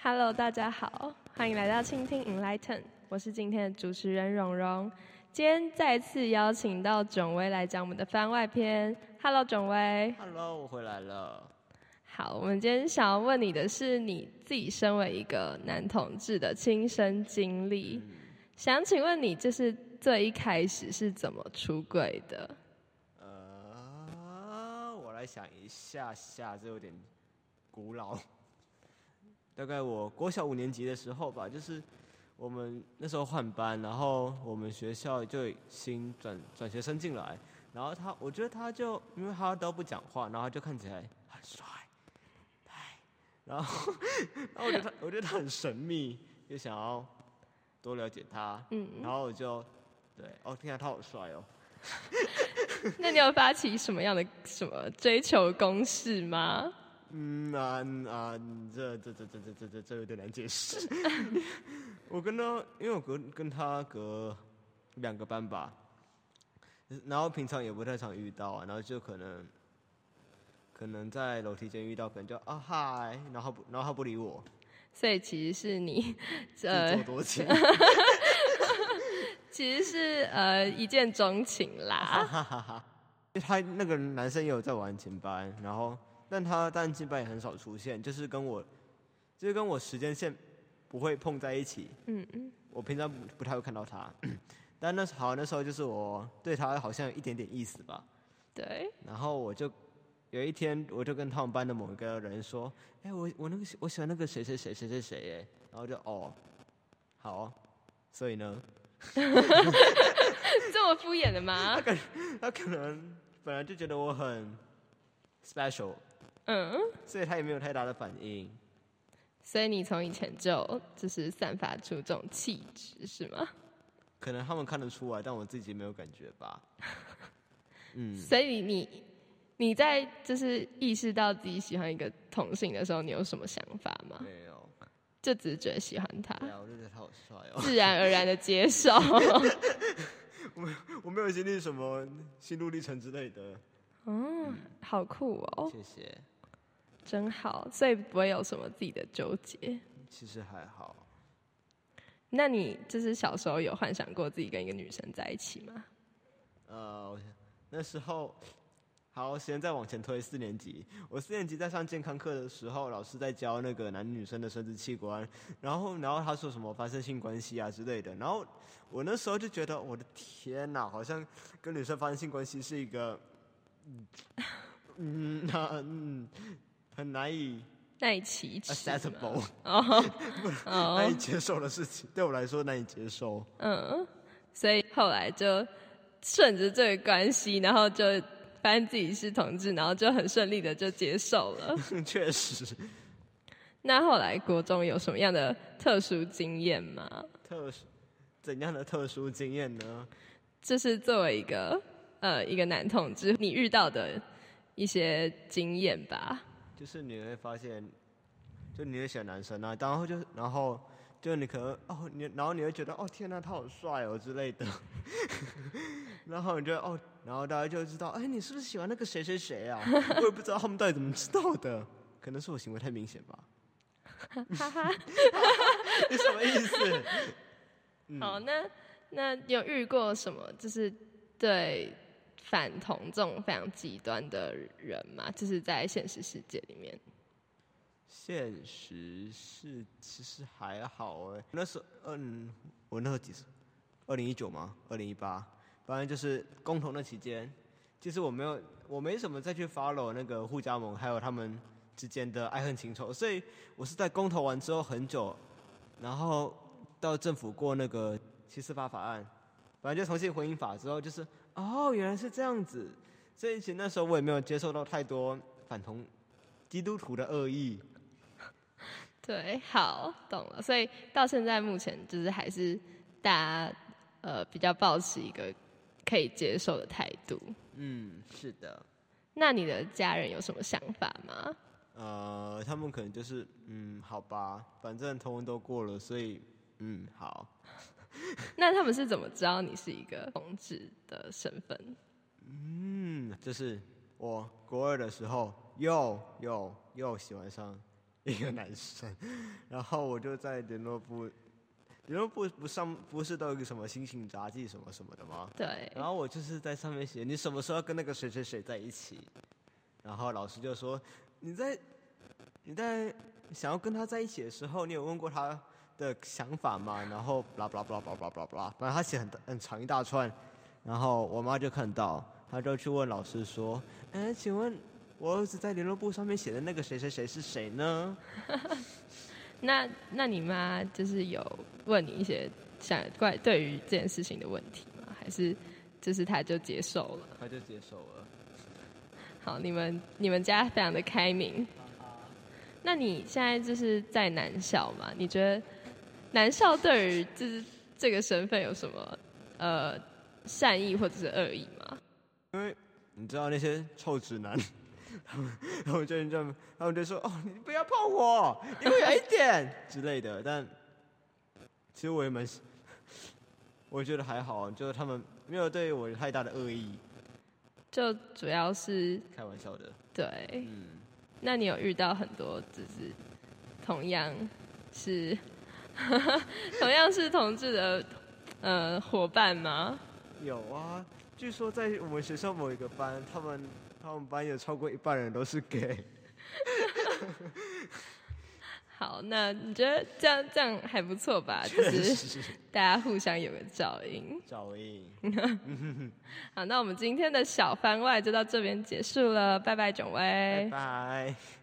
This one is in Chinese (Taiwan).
Hello，大家好，歡迎來到傾聽 Enlighten，我是今天的主持人蓉蓉。今天再次邀請到囧威來講我們的番外篇。Hello，囧威。Hello，我回來了。好，我們今天想要問你的是，你自己身為一個男同志的親身經歷，嗯、想請問你，就是最一開始是怎麼出櫃的？啊，uh, 我來想一下下，這有點古老。大概我國小五年級的時候吧，就是我們那時候換班，然後我們學校就新轉轉學生進來，然後他，我覺得他就因為他都不講話，然後他就看起來很帥，然後然後我覺得我覺得他很神秘，就想要多了解他，嗯，然後我就對哦，聽下、啊、他好帥哦，那你有發起什麼樣的什麼追求攻勢嗎？嗯啊、嗯嗯、啊，這這這這這這這有點難解釋。我跟他，因為我隔跟他隔兩個班吧，然後平常也不太常遇到啊，然後就可能可能在樓梯間遇到，可能就啊嗨，然後然後他不理我，所以其實是你自作 做多情 其實是呃一見鍾情啦 哈哈哈哈。他那個男生也有在玩琴班，然後。但他但基本也很少出現，就是跟我，就是跟我時間線不會碰在一起。嗯嗯。我平常不，不太會看到他，但那時好像，那時候就是我對他好像有一點點意思吧。對。然後我就有一天，我就跟他們班的某一個人說：“哎，我我那個我喜歡那個誰誰誰誰誰誰。”哎，然後就哦，好哦，所以呢。 這麼敷衍的嗎？他可，他可能本來就覺得我很 special。嗯，所以他也沒有太大的反應。所以你從以前就就是散發出這種氣質是嗎？可能他們看得出來，但我自己沒有感覺吧。 嗯。所以你你在就是意識到自己喜歡一個同性的時候，你有什麼想法嗎？沒有，就只是覺得喜歡他。對啊，我覺得他好帥哦。自然而然的接受。我沒有，我沒有經歷什麼心路歷程之類的。嗯，好酷哦！謝謝。真好，所以不會有什麼自己的糾結。其實還好。那你就是小時候有幻想過自己跟一個女生在一起嗎？呃，那時候，好，現在往前推四年級。我四年級在上健康課的時候，老師在教那個男女生的生殖器官，然後，然後他說什麼發生性關係啊之類的，然後我那時候就覺得，我的天哪、啊，好像跟女生發生性關係是一個，嗯，難、嗯。啊嗯很難以難以啟齒哦，難以接受的事情，對我來說難以接受。嗯，所以後來就順着這個關係，然後就發現自己是同志，然後就很順利的就接受了。確實。那後來國中有什麼樣的特殊經驗嗎？特殊？怎樣的特殊經驗呢？就是作為一個呃一個男同志你遇到的一些經驗吧。就是你會發現，就你會喜歡男生啊，然後就然後就你可能哦，你然後你會覺得哦天啊，他好帥哦之類的， 然後你覺得哦，然後大家就知道，哎，你是不是喜歡那個誰誰誰啊？我也不知道他們到底怎麼知道的，可能是我行為太明顯吧。哈哈，你什麼意思？哦、嗯，那那有遇過什麼？就是對。反同這種非常極端的人嘛，就是在現實世界裡面。現實是其實還好誒、欸。那是嗯，我那個幾時幾歲？二零一九嗎？二零一八，反正就是公投那期間，其實我沒有，我沒什麼再去 follow 那個護家盟還有他們之間的愛恨情仇，所以我是在公投完之後很久，然後到政府過那個七四八法案，反正就同性婚姻法之後就是。哦，原來是這樣子，所以其實那時候我也沒有接受到太多反同基督徒的惡意。對，好，懂了。所以到現在目前，就是還是大家、呃、比較抱持一個可以接受的態度。嗯，是的。那你的家人有什麼想法嗎？呃，他們可能就是嗯，好吧，反正同婚都過了，所以嗯，好。 那他們是怎麼知道你是一個同志的身份？嗯，就是我國二的時候，又又又喜歡上一個男生， 然後我就在聯絡簿、聯絡簿，聯絡簿不上不是都有個什麼心情札記什麼什麼的嗎？對。然後我就是在上面寫你什麼時候要跟那個誰誰誰在一起，然後老師就說你在你在想要跟他在一起的時候，你有問過他？的想法嘛，然後 blah blah blah b l a b l a b l a blah，他寫很很長一大串，然後我媽就看到，她就去問老師說：“哎，請問，我兒子在聯絡簿上面寫的那個誰誰誰是誰呢？” 那那你媽就是有問你一些想怪對於這件事情的問題嗎？還是就是他就接受了？他就接受了。好，你們你們家非常的開明。 那你現在就是在男校嗎？你覺得？男校對於就是這個身份有什麼，呃，善意或者是惡意嗎？因為你知道那些臭直男，他們、他們就、他們、他們就說：“哦，你不要碰我，離我遠一點” 之類的。但其實我也蠻，我覺得還好，就他們沒有對我太大的惡意。就主要是開玩笑的，對。嗯。那你有遇到很多就是同樣是？ 同樣是同志的，呃，夥伴嗎？有啊，據說在我們學校某一個班，他們他們班有超過一半人都是 gay。 好，那你覺得這樣這樣還不錯吧？就實是大家互相有個照應。照應。 好，那我們今天的小番外就到這邊結束了，拜拜，九威。拜拜。